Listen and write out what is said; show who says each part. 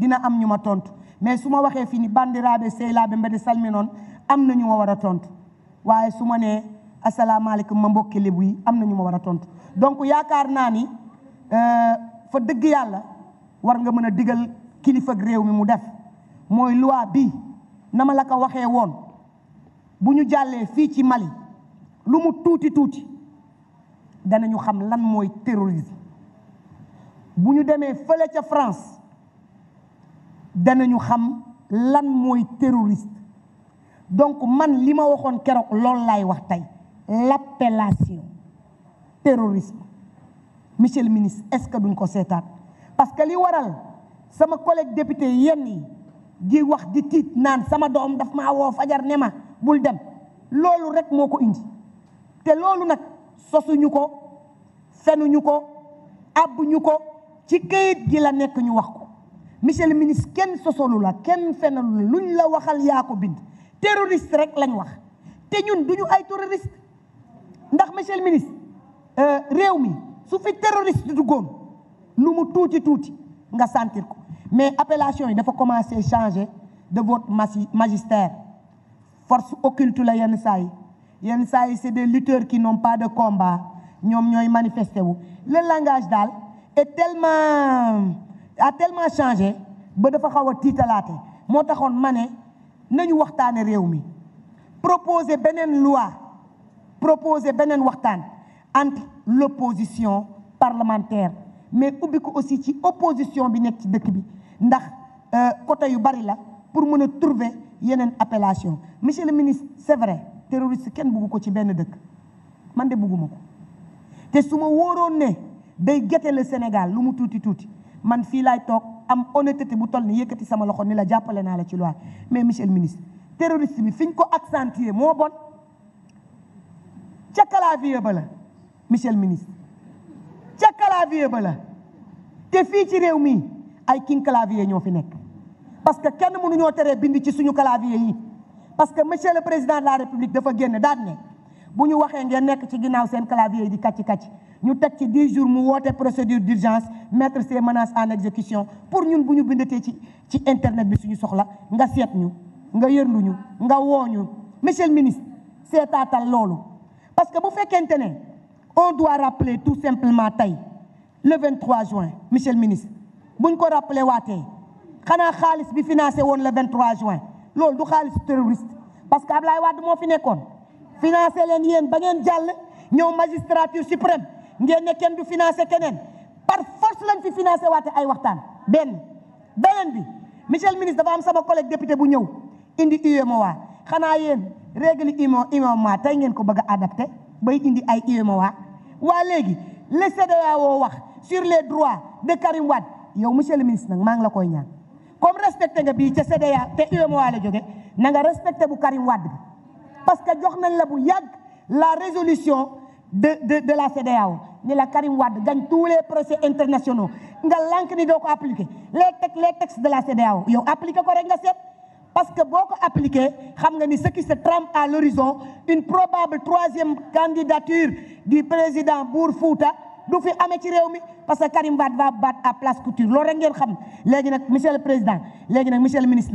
Speaker 1: dina am ñu ma tontu mais su ma waxee fii ni bandiraaɓe sehlaaɓe mbede salmi noon am na ñu ma war a tontu waaye su ma nee asalaamaaleykum ma mbokki lébu yi am na ñu ma war a tontu donc yaakaar naa ni euh, fa dëgg yàlla war nga mën a digal kilifa réew mi mu def mooy loi bi na ma la ko waxee woon bu ñu jàllee fii ci Mali lu mu tuuti tuuti danañu xam lan mooy terrorisme bu ñu demee fële ca France dana ñu xam lan mooy terroriste donc man li ma waxoon keroog loolu laay wax tey l'appellation terrorisme monsieur le ministre est-ce que duñ ko seetaan parce que li waral sama collègue député yenn yi di wax di tiit naan sama doom daf ma woo fajar ne ma bul dem loolu rek moo ko indi te loolu nag sosuñu ko fenuñu ko abbuñu ko ci këyit gi la nekk ñu wax ko monsieur le ministre kenn sosolu la ken fenalu la luñ la waxal yaa ko terroriste rek lañ wax Té ñun duñu ay terroriste ndax monsieur le ministre euh, réew mi su fi terroriste duggoon lu mu tuuti vous nga sentir ko mais appellation yi dafa commencer changer de votre magistère force occulte la yenn say. yenn c'est des lutteurs qui n'ont pas de combat Ñom ñoy manifester wu le langage d'al est tellement a tellement changé ba dafa xaw a tiitalaate moo taxoon ma ne nañu waxtaane réew mi proposer beneen loi proposer beneen waxtaan entre l'opposition parlementaire mais ubbi ko aussi ci opposition bi nekk ci dëkk bi ndax côté euh, yu bari la pour mën a trouver yeneen appellation monsieur le ministre c'est vrai terroriste kenn bugg ko ci benn dëkk man de bugguma ko te su ma wóoroon ne day gete le Sénégal lu mu tuuti tuuti man fii laay toog am honnêteté bu toll ni yëkkati sama loxo ni la jàppale naa la ci loi mais monsieur le ministre terroriste bi fi ñu ko accentuer moo bon ca clavier ba la monsieur ministre ca clavier ba la te fii ci réew mii ay king clavier ñoo fi nekk parce que kenn mënuñoo teree bind ci suñu clavier yi parce que monsieur le président de la république dafa génn daan ne buñu waxé waxee ngeen nekk ci ginnaw seen clavier di kàcci kàcci ñu tek ci 10 jours mu woté procédure d'urgence mettre ces menaces en exécution pour ñun buñu ñu bindatee ci ci internet bi suñu soxla nga sét ñu nga ñu nga wooñu monsieur le ministre seetaatal lolu parce que bu fekkente ne on doit rappeler tout simplement tay le 23 juin monsieur le ministre buñ ko rappeler waté xana xaalis bi financé won le 23 juin lolu du xaalis terroriste parce que Ablaye wad mo fi nékkone financer len yeen ba ngeen jall ñew magistrature suprême ngeen ne ken du financer kenen par force lañ fi financer waté ay waxtaan ben benen bi monsieur le ministre dafa am sama collègue député bu ñew indi wa e xana yeen règle e ma e tay ngeen ko bëgg a adapté bay indi ay wa. wa légui le CEDEAO wax sur les droits de Karim wad yow monsieur le ministre nak maa ngi la koy ñaan comme respecté nga bii ca CEDEAO te wa la jóge na nga respecté bu Karim wad bi parce que la la résolution de la CDAO. la Karim gagne tous les procès internationaux nga avons ni les textes de la parce que si appliqué ce qui se trame à l'horizon une probable troisième candidature du président Bourfouta du fi parce que Karim va battre à place couture monsieur le président monsieur le ministre